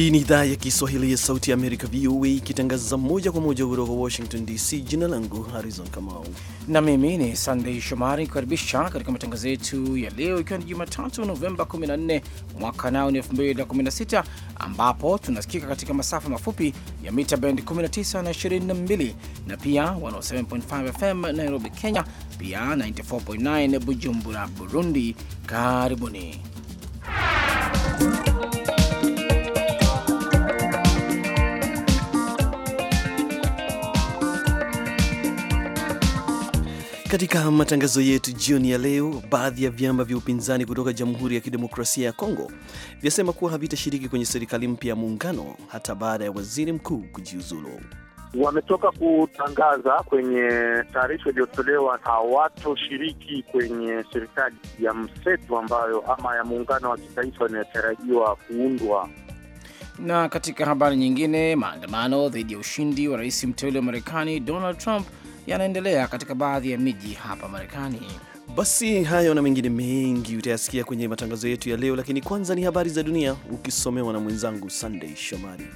Hii ni idhaa ya Kiswahili ya Sauti ya Amerika, VOA, ikitangaza moja kwa moja kutoka Washington DC. Jina langu Harrison Kamau na mimi ni Sandei Shomari kukaribisha katika matangazo yetu ya leo, ikiwa ni Jumatatu Novemba 14 mwaka nao ni 2016, ambapo tunasikika katika masafa mafupi ya mita bend 19 na 22 na pia 107.5 FM Nairobi, Kenya, pia 94.9 Bujumbura, Burundi. Karibuni Katika matangazo yetu jioni ya leo, baadhi ya vyama vya upinzani kutoka Jamhuri ya Kidemokrasia ya Kongo vyasema kuwa havitashiriki kwenye serikali mpya ya muungano hata baada ya waziri mkuu kujiuzulu. Wametoka kutangaza kwenye taarifa iliyotolewa hawatoshiriki kwenye serikali ya mseto ambayo ama ya muungano wa kitaifa inayotarajiwa kuundwa. Na katika habari nyingine, maandamano dhidi ya ushindi wa rais mteule wa Marekani Donald Trump yanaendelea katika baadhi ya miji hapa Marekani. Basi hayo na mengine mengi utayasikia kwenye matangazo yetu ya leo, lakini kwanza ni habari za dunia ukisomewa na mwenzangu Sunday Shomari.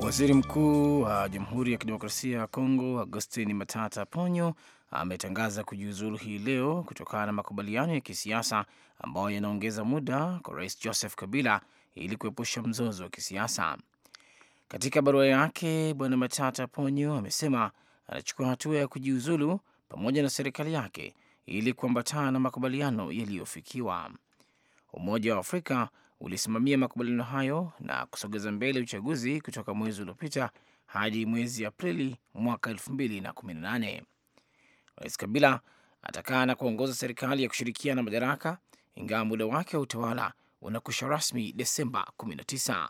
Waziri Mkuu wa Jamhuri ya Kidemokrasia ya Kongo Augustin Matata Ponyo ametangaza kujiuzulu hii leo kutokana na makubaliano ya kisiasa ambayo yanaongeza muda kwa rais Joseph Kabila ili kuepusha mzozo wa kisiasa. Katika barua yake, Bwana Matata Ponyo amesema anachukua hatua ya kujiuzulu pamoja na serikali yake ili kuambatana na makubaliano yaliyofikiwa. Umoja wa Afrika ulisimamia makubaliano hayo na kusogeza mbele uchaguzi kutoka mwezi uliopita hadi mwezi Aprili mwaka 2018. Rais Kabila atakaa na kuongoza serikali ya kushirikiana madaraka ingawa muda wake wa utawala unakwisha rasmi Desemba 19.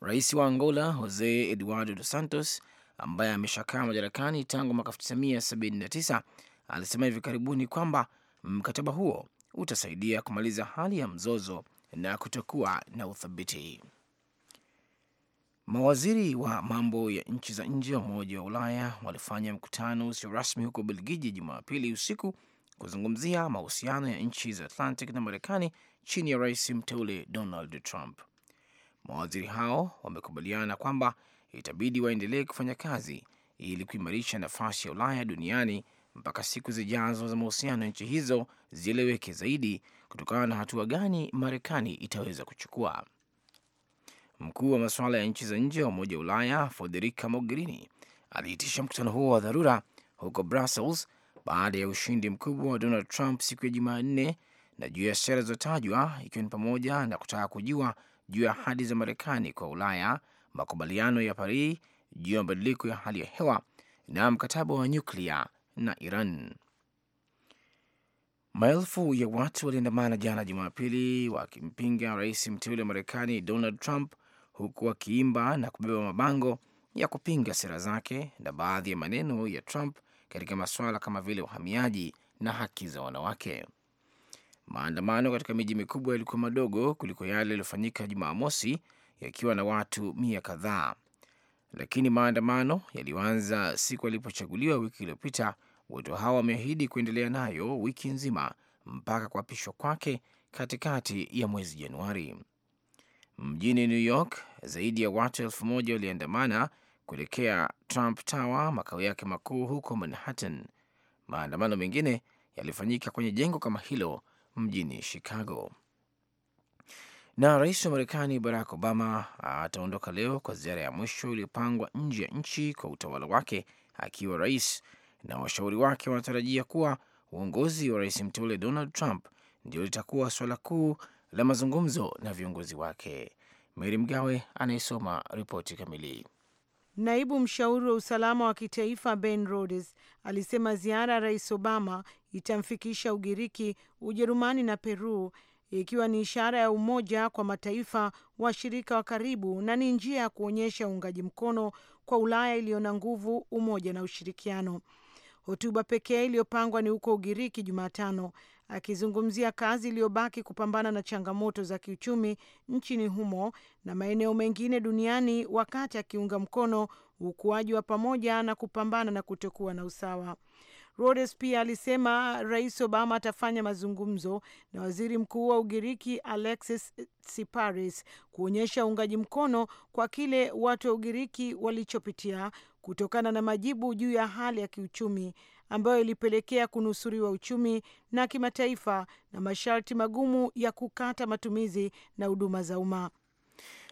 Rais wa Angola Jose Eduardo Dos Santos, ambaye ameshakaa madarakani tangu mwaka 1979, alisema hivi karibuni kwamba mkataba huo utasaidia kumaliza hali ya mzozo na kutokuwa na uthabiti. Mawaziri wa mambo ya nchi za nje wa Umoja wa Ulaya walifanya mkutano usio rasmi huko Belgiji Jumapili usiku kuzungumzia mahusiano ya nchi za Atlantic na Marekani chini ya rais mteule Donald Trump. Mawaziri hao wamekubaliana kwamba itabidi waendelee kufanya kazi ili kuimarisha nafasi ya Ulaya duniani mpaka siku zijazo za mahusiano ya nchi hizo zieleweke zaidi, kutokana na hatua gani Marekani itaweza kuchukua. Mkuu wa masuala ya nchi za nje wa Umoja wa Ulaya Federica Mogherini aliitisha mkutano huo wa dharura huko Brussels baada ya ushindi mkubwa wa Donald Trump siku ya Jumanne na juu ya sera zilizotajwa ikiwa ni pamoja na kutaka kujua juu ya ahadi za Marekani kwa Ulaya, makubaliano ya Paris juu ya mabadiliko ya hali ya hewa na mkataba wa nyuklia na Iran. Maelfu ya watu waliandamana jana Jumapili wakimpinga rais mteule wa Marekani Donald Trump, huku wakiimba na kubeba mabango ya kupinga sera zake na baadhi ya maneno ya Trump katika masuala kama vile uhamiaji na haki za wanawake. Maandamano katika miji mikubwa yalikuwa madogo kuliko yale yaliyofanyika Jumamosi, yakiwa na watu mia kadhaa, lakini maandamano yaliyoanza siku alipochaguliwa wiki iliyopita, watu hawa wameahidi kuendelea nayo wiki nzima mpaka kuapishwa kwake katikati ya mwezi Januari. Mjini New York, zaidi ya watu elfu moja waliandamana kuelekea Trump Tower, makao yake makuu huko Manhattan. Maandamano mengine yalifanyika kwenye jengo kama hilo mjini Chicago. Na rais wa Marekani Barack Obama ataondoka leo kwa ziara ya mwisho iliyopangwa nje ya nchi kwa utawala wake akiwa rais, na washauri wake wanatarajia kuwa uongozi wa rais mteule Donald Trump ndio litakuwa suala kuu la mazungumzo na viongozi wake. mary Mgawe anayesoma ripoti kamili. Naibu mshauri wa usalama wa kitaifa Ben Rhodes alisema ziara ya Rais Obama itamfikisha Ugiriki, Ujerumani na Peru, ikiwa ni ishara ya umoja kwa mataifa washirika wa karibu na ni njia ya kuonyesha uungaji mkono kwa Ulaya iliyo na nguvu, umoja na ushirikiano. Hotuba pekee iliyopangwa ni huko Ugiriki Jumatano, akizungumzia kazi iliyobaki kupambana na changamoto za kiuchumi nchini humo na maeneo mengine duniani, wakati akiunga mkono ukuaji wa pamoja na kupambana na kutokuwa na usawa. Rhodes pia alisema Rais Obama atafanya mazungumzo na waziri mkuu wa Ugiriki Alexis Tsipras kuonyesha uungaji mkono kwa kile watu wa Ugiriki walichopitia kutokana na majibu juu ya hali ya kiuchumi ambayo ilipelekea kunusuriwa uchumi na kimataifa na masharti magumu ya kukata matumizi na huduma za umma.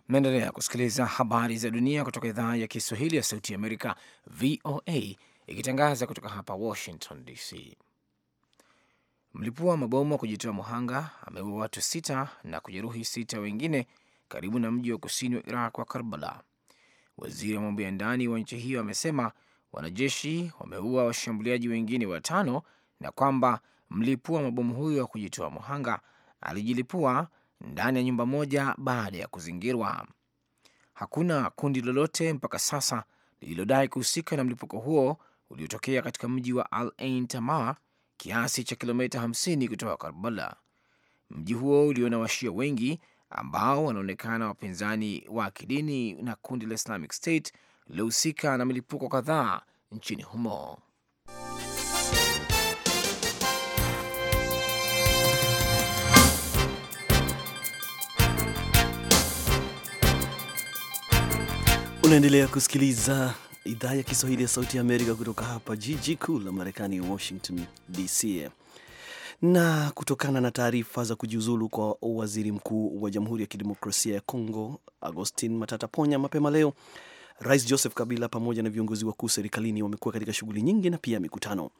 Mnaendelea kusikiliza habari za dunia kutoka idhaa ya Kiswahili ya Sauti ya Amerika, VOA ikitangaza kutoka hapa Washington DC. Mlipua wa mabomu wa kujitoa muhanga ameua watu sita na kujeruhi sita wengine karibu na mji wa kusini wa Iraq wa Karbala. Waziri wa mambo ya ndani wa nchi hiyo amesema wanajeshi wameua washambuliaji wengine watano na kwamba mlipua mabomu huyo wa kujitoa muhanga alijilipua ndani ya nyumba moja baada ya kuzingirwa. Hakuna kundi lolote mpaka sasa lililodai kuhusika na mlipuko huo uliotokea katika mji wa Al Ain Tamar, kiasi cha kilomita 50 kutoka Karbala. Mji huo ulio na washia wengi ambao wanaonekana wapinzani wa kidini na kundi la Islamic State lilohusika na milipuko kadhaa nchini humo. Unaendelea kusikiliza idhaa ya Kiswahili ya Sauti ya Amerika kutoka hapa jiji kuu la Marekani, Washington DC. Na kutokana na taarifa za kujiuzulu kwa waziri mkuu wa Jamhuri ya Kidemokrasia ya Kongo Agostin Matata Ponya mapema leo, Rais Joseph Kabila pamoja na viongozi wakuu serikalini wamekuwa katika shughuli nyingi na pia mikutano.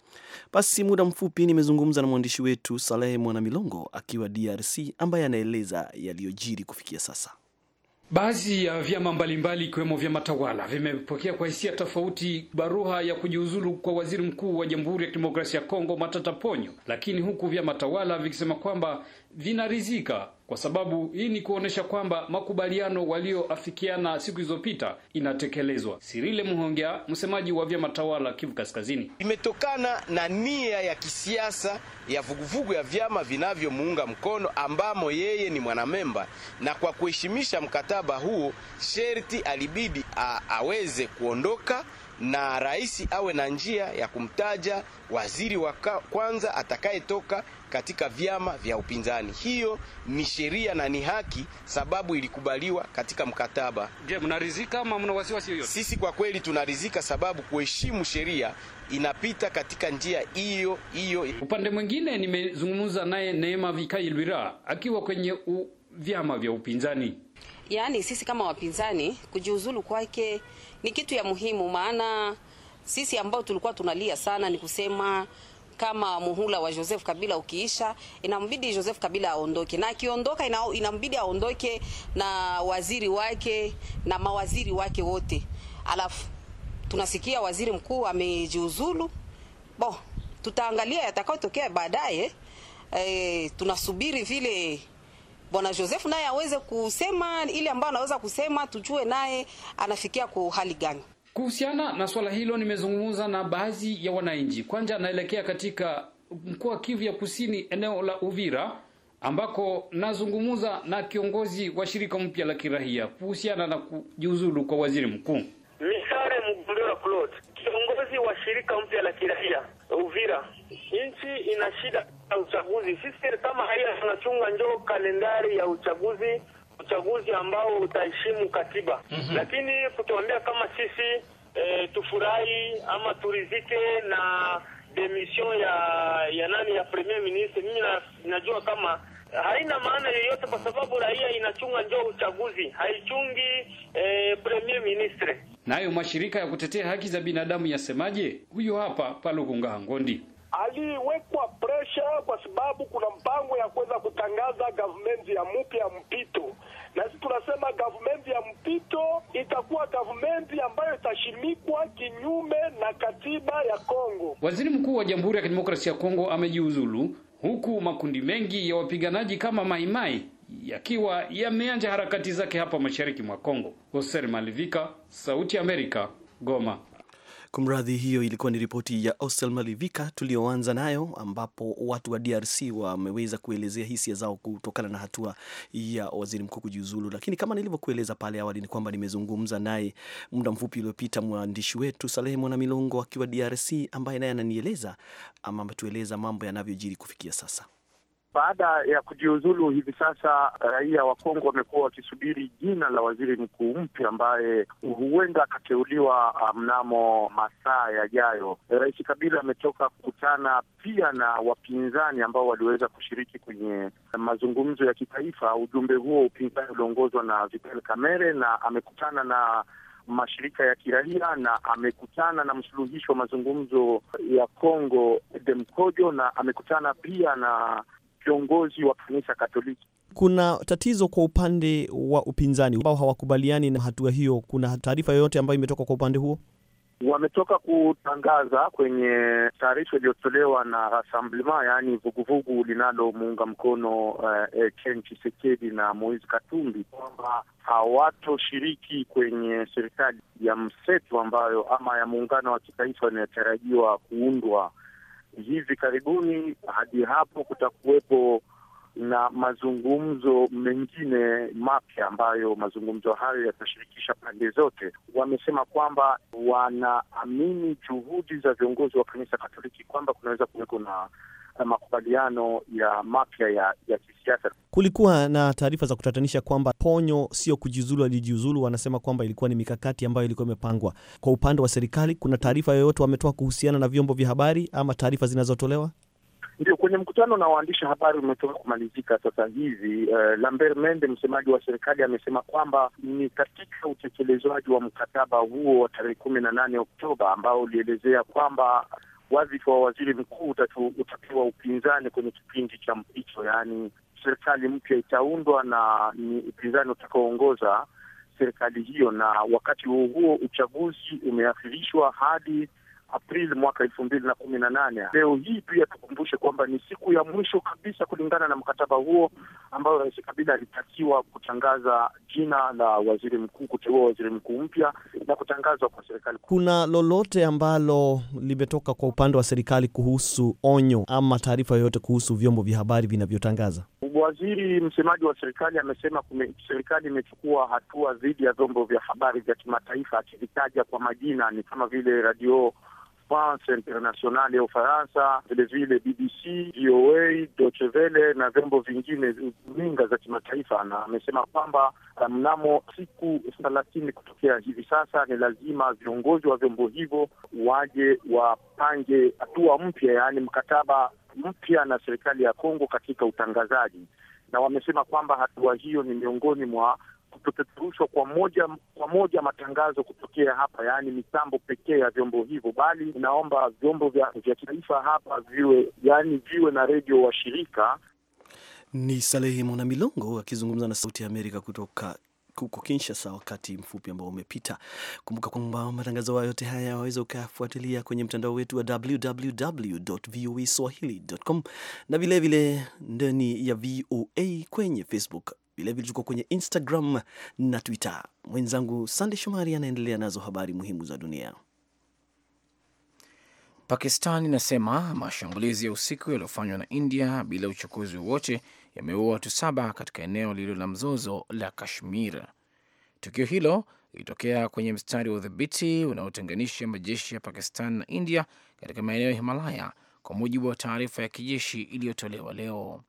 Basi muda mfupi nimezungumza na mwandishi wetu Salehe Mwanamilongo akiwa DRC, ambaye anaeleza yaliyojiri kufikia sasa. Baadhi ya vyama mbalimbali ikiwemo vyama tawala vimepokea kwa hisia tofauti baruha ya kujiuzulu kwa waziri mkuu wa Jamhuri ya Kidemokrasia ya Kongo Matata Ponyo, lakini huku vyama tawala vikisema kwamba vinaridhika, kwa sababu hii ni kuonesha kwamba makubaliano walioafikiana siku zilizopita inatekelezwa. Sirile Muhongea, msemaji wa vyama tawala Kivu Kaskazini, imetokana na nia ya kisiasa ya vuguvugu ya vyama vinavyomuunga mkono, ambamo yeye ni mwanamemba, na kwa kuheshimisha mkataba huo sherti alibidi a, aweze kuondoka na rais awe na njia ya kumtaja waziri wa kwanza atakayetoka katika vyama vya upinzani. Hiyo ni sheria na ni haki, sababu ilikubaliwa katika mkataba. Je, mnaridhika ama mna wasiwasi yoyote? Sisi kwa kweli tunaridhika, sababu kuheshimu sheria inapita katika njia hiyo hiyo. Upande mwingine, nimezungumza naye Neema Vikai Lwira akiwa kwenye u, vyama vya upinzani. Yaani sisi kama wapinzani, kujiuzulu kwake ni kitu ya muhimu, maana sisi ambao tulikuwa tunalia sana ni kusema kama muhula wa Joseph Kabila ukiisha, inambidi Joseph Kabila aondoke, na akiondoka, inambidi aondoke na waziri wake na mawaziri wake wote. Alafu tunasikia waziri mkuu amejiuzulu. Bo, tutaangalia yatakayotokea baadaye. E, tunasubiri vile Bwana Joseph naye aweze kusema ile ambayo anaweza kusema, tujue naye anafikia ku hali gani. Kuhusiana na swala hilo nimezungumza na baadhi ya wananchi. Kwanza naelekea katika mkoa Kivu ya Kusini, eneo la Uvira, ambako nazungumza na kiongozi wa shirika mpya la kirahia kuhusiana na kujiuzulu kwa waziri mkuu Misare Mugundura Claude, kiongozi wa shirika mpya la kirahia Uvira. Nchi ina shida ya uchaguzi, sisi kama haya tunachunga njoo kalendari ya uchaguzi uchaguzi ambao utaheshimu katiba mm -hmm. Lakini kutuambia kama sisi e, tufurahi ama turizike na demission ya ya nani ya premier ministre, mimi na, najua kama haina maana yoyote kwa sababu raia inachunga njoo uchaguzi, haichungi e, premier ministre. Nayo mashirika ya kutetea haki za binadamu yasemaje? Huyo hapa Paluku Ngondi aliwekwa kuboresha, kwa sababu kuna mpango ya kuweza kutangaza government ya mpya ya mpito, na sisi tunasema government ya mpito itakuwa government ambayo itashimikwa kinyume na katiba ya Kongo. Waziri mkuu wa Jamhuri ya Kidemokrasia ya Kongo amejiuzulu huku makundi mengi ya wapiganaji kama Maimai yakiwa yameanja harakati zake hapa mashariki mwa Kongo. Hoser Malivika, Sauti ya Amerika, Goma. Kumradhi, hiyo ilikuwa ni ripoti ya Ostel Malivika tuliyoanza nayo, ambapo watu wa DRC wameweza kuelezea hisia zao kutokana na hatua ya waziri mkuu kujiuzulu. Lakini kama nilivyokueleza pale awali, ni kwamba nimezungumza naye muda mfupi uliopita mwandishi wetu Salehe Mwana Milongo akiwa DRC, ambaye naye ananieleza ama ametueleza mambo yanavyojiri kufikia sasa. Baada ya kujiuzulu hivi sasa, raia wa Kongo wamekuwa wakisubiri jina la waziri mkuu mpya ambaye huenda akateuliwa uh, mnamo masaa yajayo. Rais Kabila ametoka kukutana pia na wapinzani ambao waliweza kushiriki kwenye mazungumzo ya kitaifa. Ujumbe huo upinzani uliongozwa na Vital Kamerhe na amekutana na mashirika ya kiraia na amekutana na msuluhishi wa mazungumzo ya Kongo Edem Kojo na amekutana pia na viongozi wa kanisa Katoliki. Kuna tatizo kwa upande wa upinzani ambao hawakubaliani na hatua hiyo. Kuna taarifa yoyote ambayo imetoka kwa upande huo? Wametoka kutangaza kwenye taarifa iliyotolewa na Rassemblement, yaani vuguvugu linalomuunga mkono uh, Ken Chisekedi na Moise Katumbi kwamba hawatoshiriki kwenye serikali ya mseto ambayo ama ya muungano wa kitaifa inayotarajiwa kuundwa hivi karibuni hadi hapo kutakuwepo na mazungumzo mengine mapya ambayo mazungumzo hayo yatashirikisha pande zote. Wamesema kwamba wanaamini juhudi za viongozi wa kanisa Katoliki kwamba kunaweza kuweko na makubaliano ya mapya ya, ya kisiasa. Kulikuwa na taarifa za kutatanisha kwamba Ponyo sio kujiuzulu, alijiuzulu. Wanasema kwamba ilikuwa ni mikakati ambayo ilikuwa imepangwa. Kwa upande wa serikali, kuna taarifa yoyote wametoa kuhusiana na vyombo vya habari ama taarifa zinazotolewa? Ndio, kwenye mkutano na waandishi habari umetoka kumalizika sasa hivi. Uh, Lambert Mende, msemaji wa serikali, amesema kwamba ni katika utekelezaji wa mkataba huo wa tarehe kumi na nane Oktoba ambao ulielezea kwamba wadhifa wa waziri mkuu utapewa upinzani kwenye kipindi cha mpito, yaani serikali mpya itaundwa na ni upinzani utakaoongoza serikali hiyo, na wakati huo huo uchaguzi umeakhirishwa hadi Aprili mwaka elfu mbili na kumi na nane. Leo hii pia tukumbushe kwamba ni siku ya mwisho kabisa kulingana na mkataba huo ambayo Rais Kabila alitakiwa kutangaza jina la waziri mkuu, kuteua waziri mkuu mpya na kutangazwa kwa serikali. Kuna lolote ambalo limetoka kwa upande wa serikali kuhusu onyo ama taarifa yoyote kuhusu vyombo vya habari vinavyotangaza? Waziri msemaji wa serikali amesema serikali imechukua hatua dhidi ya vyombo vya habari vya kimataifa, akivitaja kwa majina, ni kama vile radio France Internationale ya Ufaransa, vilevile BBC, VOA, Deutsche Welle na vyombo vingine ninga za kimataifa, na amesema kwamba uh, mnamo siku thelathini kutokea hivi sasa ni lazima viongozi wa vyombo hivyo waje wapange hatua mpya, yaani mkataba mpya na serikali ya Kongo katika utangazaji, na wamesema kwamba hatua hiyo ni miongoni mwa kutopeperushwa kwa moja kwa moja matangazo kutokea hapa, yaani mitambo pekee ya vyombo hivyo, bali inaomba vyombo vya, vya kitaifa hapa viwe yaani viwe na redio washirika. Ni Salehi Mwana Milongo akizungumza na Sauti ya Amerika kutoka huko Kinshasa wakati mfupi ambao umepita. Kumbuka kwamba matangazo hayo yote haya waweza ukayafuatilia kwenye mtandao wetu wa www.voaswahili.com na vilevile ndani ya VOA kwenye Facebook vilevile tuko kwenye Instagram na Twitter. Mwenzangu Sande Shomari anaendelea nazo habari muhimu za dunia. Pakistan inasema mashambulizi ya usiku yaliyofanywa na India bila uchokozi wowote yameua watu saba katika eneo lililo la mzozo la Kashmir. Tukio hilo lilitokea kwenye mstari wa udhibiti unaotenganisha majeshi ya Pakistan na India katika maeneo ya Himalaya, kwa mujibu wa taarifa ya kijeshi iliyotolewa leo.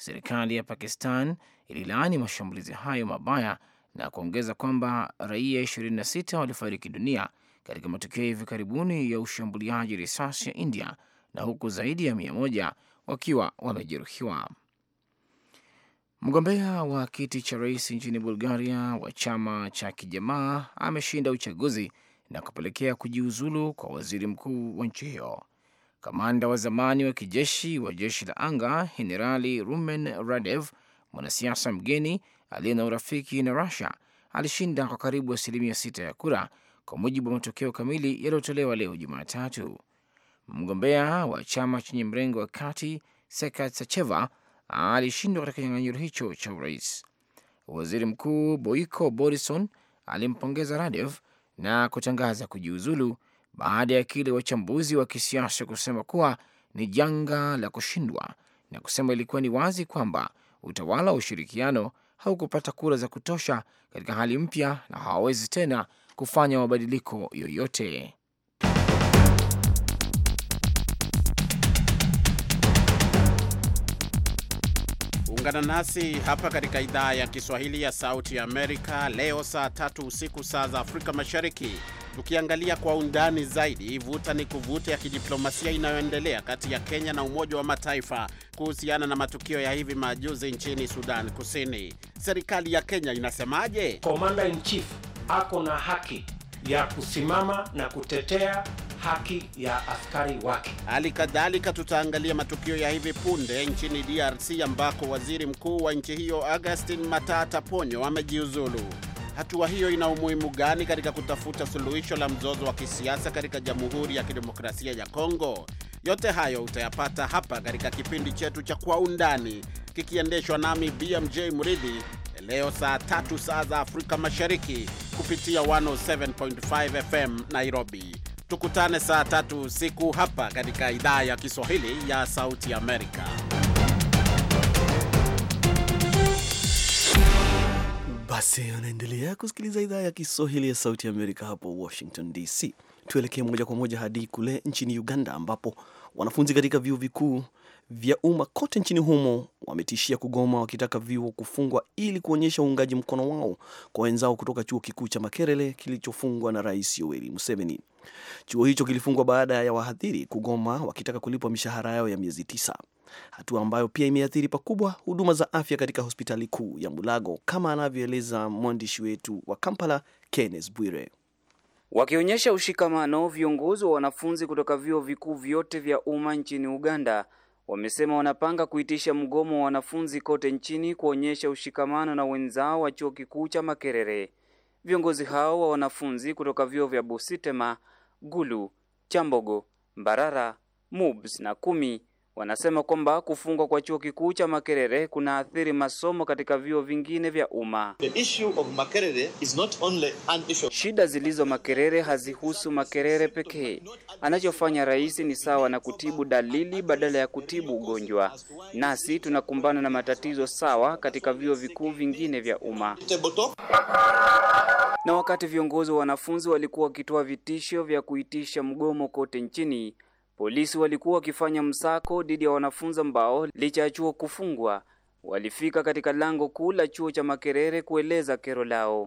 Serikali ya Pakistan ililaani mashambulizi hayo mabaya na kuongeza kwamba raia 26 walifariki dunia katika matukio hivi karibuni ya ushambuliaji risasi ya India na huku zaidi ya mia moja wakiwa wamejeruhiwa. Mgombea wa kiti cha rais nchini Bulgaria wa chama cha Kijamaa ameshinda uchaguzi na kupelekea kujiuzulu kwa waziri mkuu wa nchi hiyo. Kamanda wa zamani wa kijeshi wa jeshi la anga Jenerali Rumen Radev, mwanasiasa mgeni aliye na urafiki na Rusia, alishinda kwa karibu asilimia sita ya kura, kwa mujibu wa matokeo kamili yaliyotolewa leo Jumatatu. Mgombea wa chama chenye mrengo wa kati Sekat Sacheva alishindwa katika kinyang'anyiro hicho cha urais. Waziri Mkuu Boiko Borison alimpongeza Radev na kutangaza kujiuzulu baada ya kile wachambuzi wa kisiasa kusema kuwa ni janga la kushindwa na kusema ilikuwa ni wazi kwamba utawala wa ushirikiano haukupata kura za kutosha katika hali mpya na hawawezi tena kufanya mabadiliko yoyote. Ungana nasi hapa katika idhaa ya Kiswahili ya Sauti ya Amerika leo saa tatu usiku saa za Afrika Mashariki, tukiangalia kwa undani zaidi vuta ni kuvuta ya kidiplomasia inayoendelea kati ya Kenya na Umoja wa Mataifa kuhusiana na matukio ya hivi majuzi nchini Sudan Kusini. Serikali ya Kenya inasemaje? Komanda in chief ako na haki ya kusimama na kutetea haki ya askari wake. Hali kadhalika tutaangalia matukio ya hivi punde nchini DRC ambako waziri mkuu wa nchi hiyo Augustin Matata Ponyo amejiuzulu. Hatua hiyo ina umuhimu gani katika kutafuta suluhisho la mzozo wa kisiasa katika Jamhuri ya Kidemokrasia ya Kongo? Yote hayo utayapata hapa katika kipindi chetu cha Kwa Undani kikiendeshwa nami BMJ mridhi leo saa tatu saa za Afrika Mashariki kupitia 107.5 FM Nairobi. Tukutane saa tatu usiku hapa katika idhaa ya Kiswahili ya Sauti Amerika. Basi anaendelea kusikiliza idhaa ya Kiswahili ya Sauti Amerika hapo Washington DC. Tuelekee moja kwa moja hadi kule nchini Uganda ambapo wanafunzi katika vyuo vikuu vya umma kote nchini humo wametishia kugoma wakitaka vyuo kufungwa ili kuonyesha uungaji mkono wao kwa wenzao kutoka chuo kikuu cha Makerere kilichofungwa na Rais Yoweri Museveni. Chuo hicho kilifungwa baada ya wahadhiri kugoma wakitaka kulipwa mishahara yao ya miezi tisa, hatua ambayo pia imeathiri pakubwa huduma za afya katika hospitali kuu ya Mulago, kama anavyoeleza mwandishi wetu wa Kampala, Kenneth Bwire. Wakionyesha ushikamano, viongozi wa wanafunzi kutoka vyuo vikuu vyote vya umma nchini Uganda wamesema wanapanga kuitisha mgomo wa wanafunzi kote nchini kuonyesha ushikamano na wenzao wa chuo kikuu cha Makerere. Viongozi hao wa wanafunzi kutoka vyuo vya busitema Gulu, Chambogo, Mbarara, Mubs na Kumi Wanasema kwamba kufungwa kwa chuo kikuu cha Makerere kunaathiri masomo katika vyuo vingine vya umma. Shida zilizo Makerere hazihusu Makerere pekee. Anachofanya rais ni sawa na kutibu dalili badala ya kutibu ugonjwa. Nasi tunakumbana na matatizo sawa katika vyuo vikuu vingine vya umma. Na wakati viongozi wa wanafunzi walikuwa wakitoa vitisho vya kuitisha mgomo kote nchini Polisi walikuwa wakifanya msako dhidi ya wanafunzi ambao licha ya chuo kufungwa walifika katika lango kuu la chuo cha Makerere kueleza kero lao.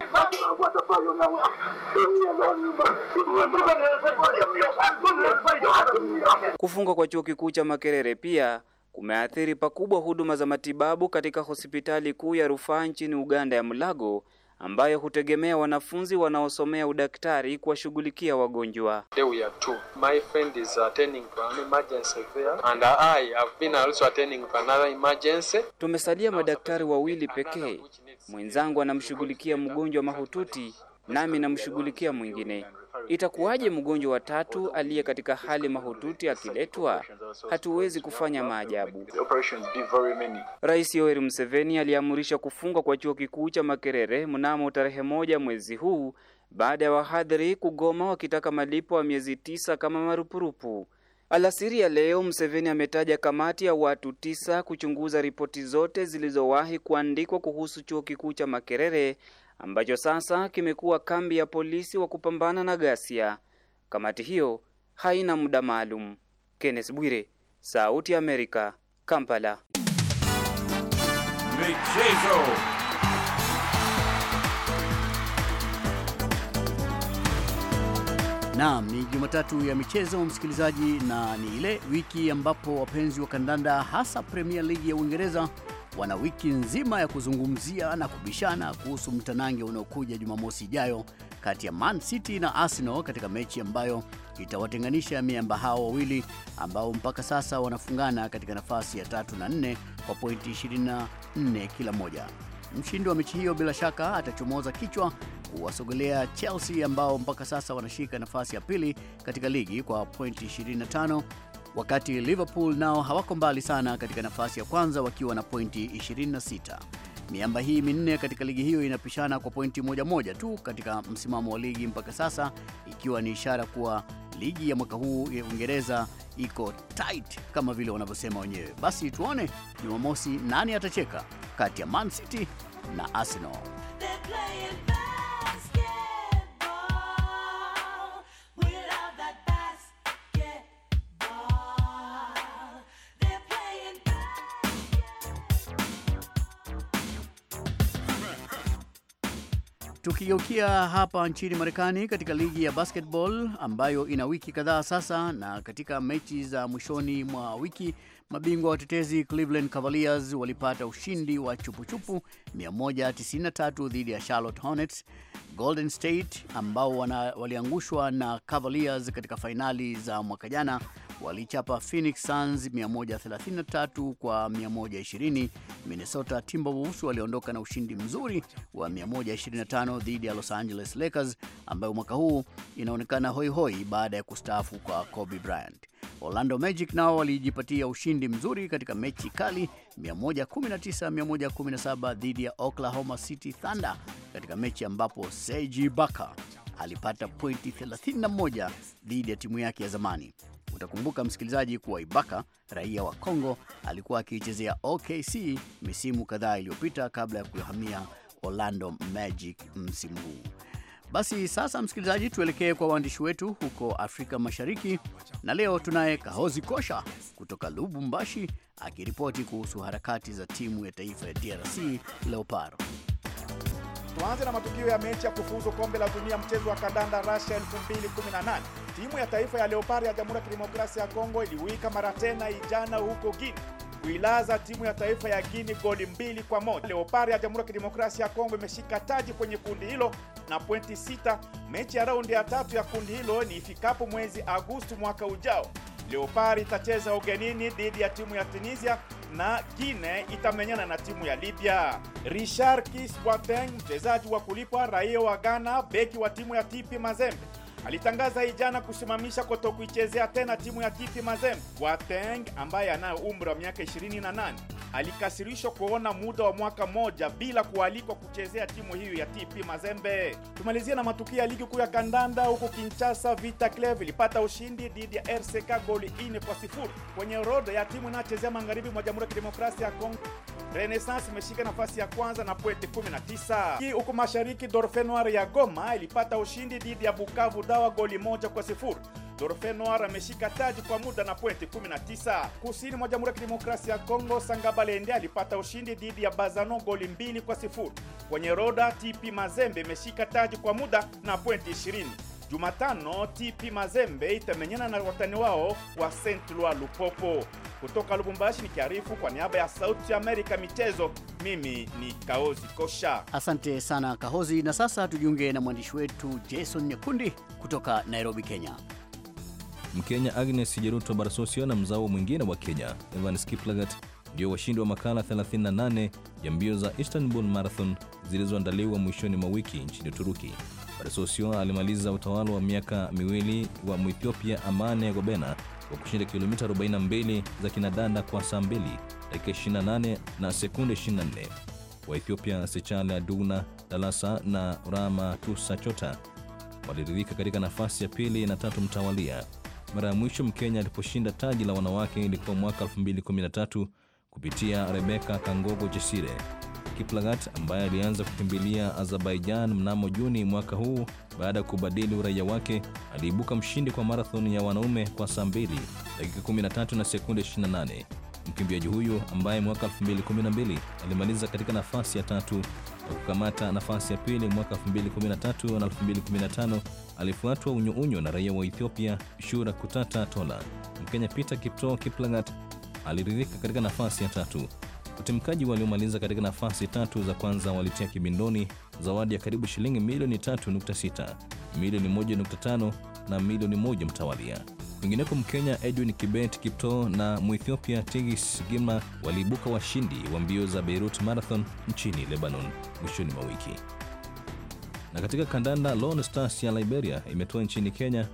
Kufungwa kwa chuo kikuu cha Makerere pia kumeathiri pakubwa huduma za matibabu katika hospitali kuu ya rufaa nchini Uganda ya Mulago ambayo hutegemea wanafunzi wanaosomea udaktari kuwashughulikia wagonjwa. Tumesalia madaktari wawili pekee, mwenzangu anamshughulikia mgonjwa mahututi, nami namshughulikia mwingine. Itakuwaje mgonjwa wa tatu aliye katika hali mahututi akiletwa? Hatuwezi kufanya maajabu. Rais Yoweri Museveni aliamrisha kufungwa kwa chuo kikuu cha Makerere mnamo tarehe moja mwezi huu baada ya wahadhiri kugoma wakitaka malipo ya miezi tisa kama marupurupu. Alasiri ya leo Mseveni ametaja kamati ya watu tisa kuchunguza ripoti zote zilizowahi kuandikwa kuhusu chuo kikuu cha Makerere ambacho sasa kimekuwa kambi ya polisi wa kupambana na ghasia. Kamati hiyo haina muda maalum. Kenneth Bwire, Sauti ya Amerika, Kampala. Michezo. Naam, ni Jumatatu ya michezo msikilizaji, na ni ile wiki ambapo wapenzi wa kandanda hasa Premier League ya Uingereza wana wiki nzima ya kuzungumzia na kubishana kuhusu mtanange unaokuja Jumamosi ijayo kati ya Man City na Arsenal katika mechi ambayo itawatenganisha miamba hao wawili ambao mpaka sasa wanafungana katika nafasi ya tatu na nne kwa pointi 24 kila moja. Mshindi wa mechi hiyo bila shaka atachomoza kichwa kuwasogelea Chelsea ambao mpaka sasa wanashika nafasi ya pili katika ligi kwa pointi 25 wakati Liverpool nao hawako mbali sana katika nafasi ya kwanza wakiwa na pointi 26. Miamba hii minne katika ligi hiyo inapishana kwa pointi moja moja tu katika msimamo wa ligi mpaka sasa, ikiwa ni ishara kuwa ligi ya mwaka huu ya Uingereza iko tight kama vile wanavyosema wenyewe. Basi tuone Jumamosi nani atacheka kati ya Man City na Arsenal. Tukigeukia hapa nchini Marekani, katika ligi ya basketball ambayo ina wiki kadhaa sasa, na katika mechi za mwishoni mwa wiki mabingwa watetezi Cleveland Cavaliers walipata ushindi wa chupuchupu 193 dhidi ya Charlotte Hornets. Golden State ambao waliangushwa na Cavaliers katika fainali za mwaka jana walichapa Phoenix Suns 133 kwa 120. Minnesota Timberwolves waliondoka na ushindi mzuri wa 125 dhidi ya Los Angeles Lakers ambayo mwaka huu inaonekana hoihoi hoi baada ya kustaafu kwa Kobe Bryant. Orlando Magic nao walijipatia ushindi mzuri katika mechi kali 119 117 dhidi ya Oklahoma City Thunder katika mechi ambapo Serge Ibaka alipata pointi 31 dhidi ya timu yake ya zamani. Utakumbuka msikilizaji, kuwa Ibaka raia wa congo alikuwa akiichezea OKC misimu kadhaa iliyopita kabla ya kuhamia Orlando Magic msimu huu. Basi sasa, msikilizaji, tuelekee kwa waandishi wetu huko Afrika Mashariki, na leo tunaye Kahozi Kosha kutoka Lubumbashi akiripoti kuhusu harakati za timu ya taifa ya DRC Leopard. Tuanze na matukio ya mechi ya kufuzu kombe la dunia mchezo wa kandanda Russia 2018 Timu ya taifa ya Leopard ya Jamhuri ya Kidemokrasia ya Kongo iliwika mara tena ijana huko Guinea kuilaza timu ya taifa ya Guinea goli mbili kwa moja. Leopard ya Jamhuri ya Kidemokrasia ya Kongo imeshika taji kwenye kundi hilo na pointi sita. Mechi ya raundi ya tatu ya kundi hilo ni ifikapo mwezi Agosti mwaka ujao. Leopard itacheza ugenini dhidi ya timu ya Tunisia na guine itamenyana na timu ya Libya. Richard Kis Boateng, mchezaji wa kulipwa raia wa Ghana, beki wa timu ya TP Mazembe alitangaza hii jana kusimamisha kutokuichezea tena timu ya TP Mazembe. Boateng ambaye anayo umri wa miaka 28 alikasirishwa kuona muda wa mwaka moja bila kualikwa kuchezea timu hiyo ya TP Mazembe. Tumalizia na matukio ya ligi kuu ya kandanda huko Kinshasa, Vita Club ilipata ushindi dhidi ya RCK goli 4 kwa sifuri kwenye orodha ya timu inayochezea magharibi mwa Jamhuri ya Kidemokrasia ya Kongo. Renaissance imeshika nafasi ya kwanza na pointi 19. Huko mashariki Dorfe Noir ya Goma ilipata ushindi dhidi ya Bukavu Dawa goli moja kwa sifuri. Dorfe Noir ameshika taji kwa muda na pointi 19. Kusini mwa Jamhuri ya Kidemokrasia ya Kongo Sangabalende alipata ushindi dhidi ya Bazano goli mbili kwa sifuri. Kwenye roda TP Mazembe imeshika taji kwa muda na pointi 20. Jumatano TP Mazembe itamenyana na watani wao wa Saint lwa Lupopo. Kutoka Lubumbashi ni kiarifu kwa niaba ya Sauti ya Amerika michezo, mimi ni Kaozi Kosha. Asante sana kaozi na sasa tujiunge na mwandishi wetu Jason Nyakundi kutoka Nairobi, Kenya. Mkenya Agnes Jeruto Barsosio na mzao mwingine wa Kenya Evans Kiplagat ndio washindi wa makala 38 ya mbio za Istanbul Marathon zilizoandaliwa mwishoni mwa wiki nchini Uturuki. Resosio alimaliza utawala wa miaka miwili wa Muethiopia Amane Gobena kwa kushinda kilomita 42 za kinadada kwa saa 2 dakika 28 na sekunde 24. Waethiopia sechale Dugna Dalasa na Rama Tusa Chota waliridhika katika nafasi ya pili na tatu mtawalia. Mara ya mwisho Mkenya aliposhinda taji la wanawake ilikuwa mwaka 2013 kupitia Rebeka Kangogo Jesire. Kiplagat ambaye alianza kukimbilia Azerbaijan mnamo Juni mwaka huu baada ya kubadili uraia wake, aliibuka mshindi kwa marathoni ya wanaume kwa saa 2 dakika 13 na sekunde 28. Mkimbiaji huyu ambaye mwaka 2012 alimaliza katika nafasi ya tatu na kukamata nafasi ya pili mwaka 2013 na 2015, alifuatwa unyounyo na raia wa Ethiopia Shura Kutata Tola. Mkenya Peter Kiptoo Kiplagat aliridhika katika nafasi ya tatu. Watimkaji waliomaliza katika nafasi tatu za kwanza walitia kibindoni zawadi ya karibu shilingi milioni 3.6, milioni 1.5 na milioni moja mtawalia. Kwingineko, Mkenya Edwin Kibet Kipto na Muethiopia Tigis Gima waliibuka washindi wa mbio za Beirut Marathon nchini Lebanon mwishoni mwa wiki. Na katika kandanda, Lone Stars ya Liberia imetoa nchini Kenya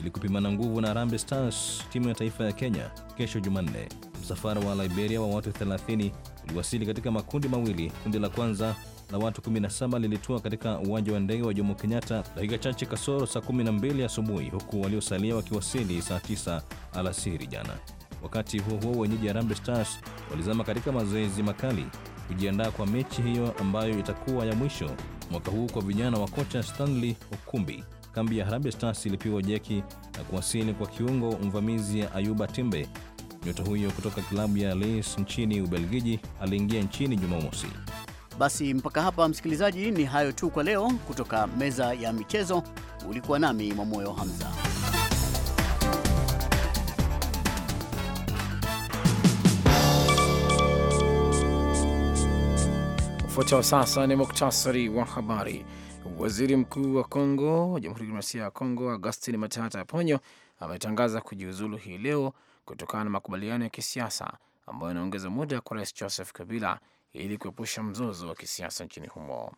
ili kupimana nguvu na Harambee Stars, timu ya taifa ya Kenya, kesho Jumanne. Msafara wa Liberia wa watu 30 uliwasili katika makundi mawili. Kundi la kwanza la watu 17 lilitua katika uwanja wa ndege wa Jomo Kenyatta dakika chache kasoro saa 12 asubuhi, huku waliosalia wakiwasili saa 9 alasiri jana. Wakati huo huo, wenyeji Harambee Stars walizama katika mazoezi makali kujiandaa kwa mechi hiyo ambayo itakuwa ya mwisho mwaka huu kwa vijana wa kocha Stanley Okumbi. Kambi ya Harambee Stars ilipigwa jeki na kuwasili kwa kiungo mvamizi ya Ayuba Timbe Nyota huyo kutoka klabu ya Lens nchini Ubelgiji aliingia nchini Jumamosi. Basi mpaka hapa, msikilizaji, ni hayo tu kwa leo kutoka meza ya michezo. Ulikuwa nami Mwamoyo Hamza. Ufuatao sasa ni muktasari wa habari. Waziri mkuu wa Kongo wa Jamhuri ya Kidemokrasia ya Kongo Augustin Matata Ponyo ametangaza kujiuzulu hii leo kutokana na makubaliano ya kisiasa ambayo yanaongeza muda kwa rais Joseph Kabila ili kuepusha mzozo wa kisiasa nchini humo.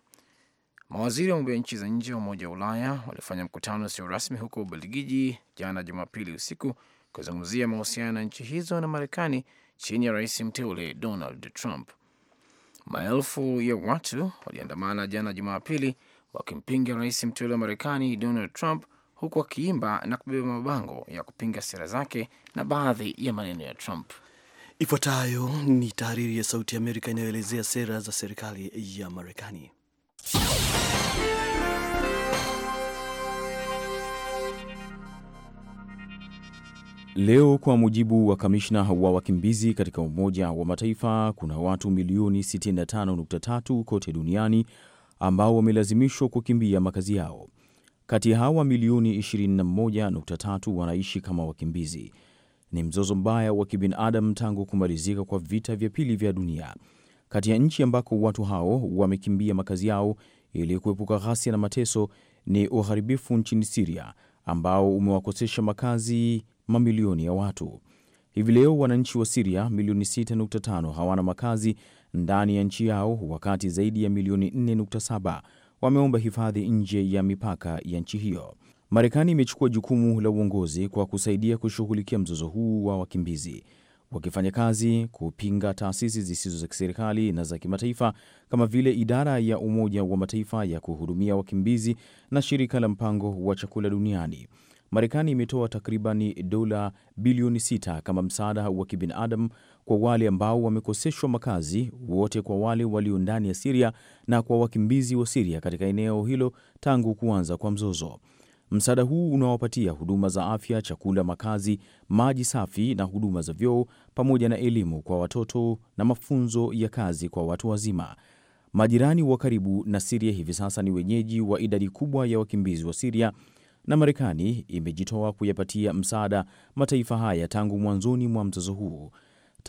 Mawaziri wa mambo ya nchi za nje wa Umoja wa Ulaya walifanya mkutano usio rasmi huko Ubelgiji jana Jumapili usiku kuzungumzia mahusiano ya nchi hizo na Marekani chini ya rais mteule Donald Trump. Maelfu ya watu waliandamana jana Jumapili wakimpinga rais mteule wa Marekani Donald Trump huku akiimba na kubeba mabango ya kupinga sera zake na baadhi ya maneno ya Trump. Ifuatayo ni tahariri ya Sauti ya Amerika inayoelezea sera za serikali ya Marekani. Leo kwa mujibu wa kamishna wa wakimbizi katika Umoja wa Mataifa, kuna watu milioni 65.3 kote duniani ambao wamelazimishwa kukimbia makazi yao kati ya hawa milioni 21.3 wanaishi kama wakimbizi. Ni mzozo mbaya wa kibinadamu tangu kumalizika kwa vita vya pili vya dunia. Kati ya nchi ambako watu hao wamekimbia makazi yao ili kuepuka ghasia na mateso ni uharibifu nchini Siria ambao umewakosesha makazi mamilioni ya watu. Hivi leo wananchi wa Siria milioni 6.5 hawana makazi ndani ya nchi yao, wakati zaidi ya milioni 4.7 wameomba hifadhi nje ya mipaka ya nchi hiyo. Marekani imechukua jukumu la uongozi kwa kusaidia kushughulikia mzozo huu wa wakimbizi, wakifanya kazi kupinga taasisi zisizo za kiserikali na za kimataifa kama vile idara ya Umoja wa Mataifa ya kuhudumia wakimbizi na shirika la mpango wa chakula duniani. Marekani imetoa takribani dola bilioni sita kama msaada wa kibinadamu kwa wale ambao wamekoseshwa makazi, wote kwa wale walio ndani ya Siria na kwa wakimbizi wa Siria katika eneo hilo tangu kuanza kwa mzozo. Msaada huu unawapatia huduma za afya, chakula, makazi, maji safi na huduma za vyoo, pamoja na elimu kwa watoto na mafunzo ya kazi kwa watu wazima. Majirani wa karibu na Siria hivi sasa ni wenyeji wa idadi kubwa ya wakimbizi wa Siria na Marekani imejitoa kuyapatia msaada mataifa haya tangu mwanzoni mwa mzozo huu.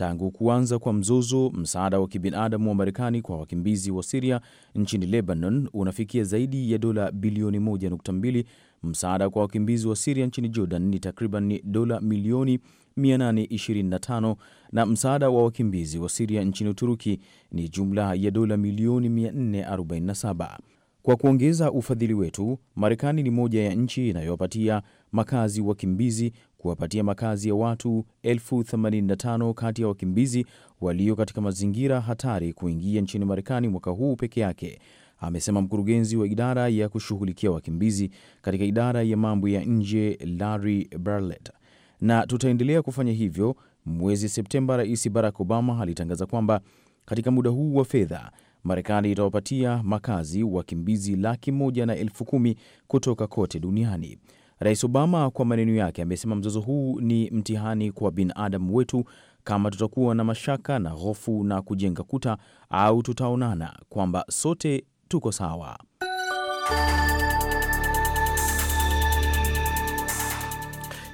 Tangu kuanza kwa mzozo, msaada wa kibinadamu wa Marekani kwa wakimbizi wa Siria nchini Lebanon unafikia zaidi ya dola bilioni 1.2. Msaada kwa wakimbizi wa Siria nchini Jordan ni takriban dola milioni 825 na msaada wa wakimbizi wa Siria nchini Uturuki ni jumla ya dola milioni 447. Kwa kuongeza ufadhili wetu, Marekani ni moja ya nchi inayowapatia makazi wakimbizi kuwapatia makazi ya watu 85 kati ya wakimbizi walio katika mazingira hatari kuingia nchini Marekani mwaka huu peke yake, amesema mkurugenzi wa idara ya kushughulikia wakimbizi katika idara ya mambo ya nje Larry barlet Na tutaendelea kufanya hivyo. Mwezi Septemba, Rais Barack Obama alitangaza kwamba katika muda huu wa fedha Marekani itawapatia makazi wakimbizi laki moja na elfu kumi kutoka kote duniani. Rais Obama kwa maneno yake amesema mzozo huu ni mtihani kwa binadamu wetu, kama tutakuwa na mashaka na hofu na kujenga kuta, au tutaonana kwamba sote tuko sawa.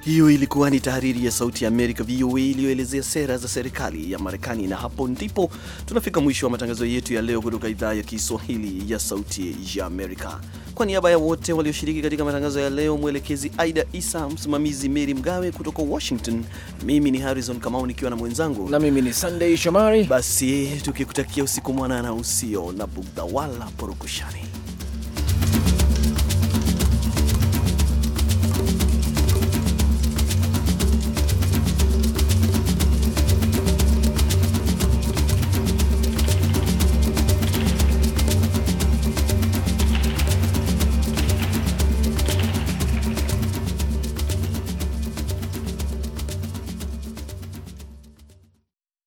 Hiyo ilikuwa ni tahariri ya Sauti ya Amerika, VOA, iliyoelezea sera za serikali ya Marekani. Na hapo ndipo tunafika mwisho wa matangazo yetu ya leo kutoka idhaa ya Kiswahili ya Sauti ya Amerika. Kwa niaba ya wote walioshiriki katika matangazo ya leo, mwelekezi Aida Isa, msimamizi Meri Mgawe kutoka Washington, mimi ni Harrison Kamau nikiwa na mwenzangu, na mimi ni Sunday Shomari, basi tukikutakia usiku mwanana usio na bugdha wala porokushani.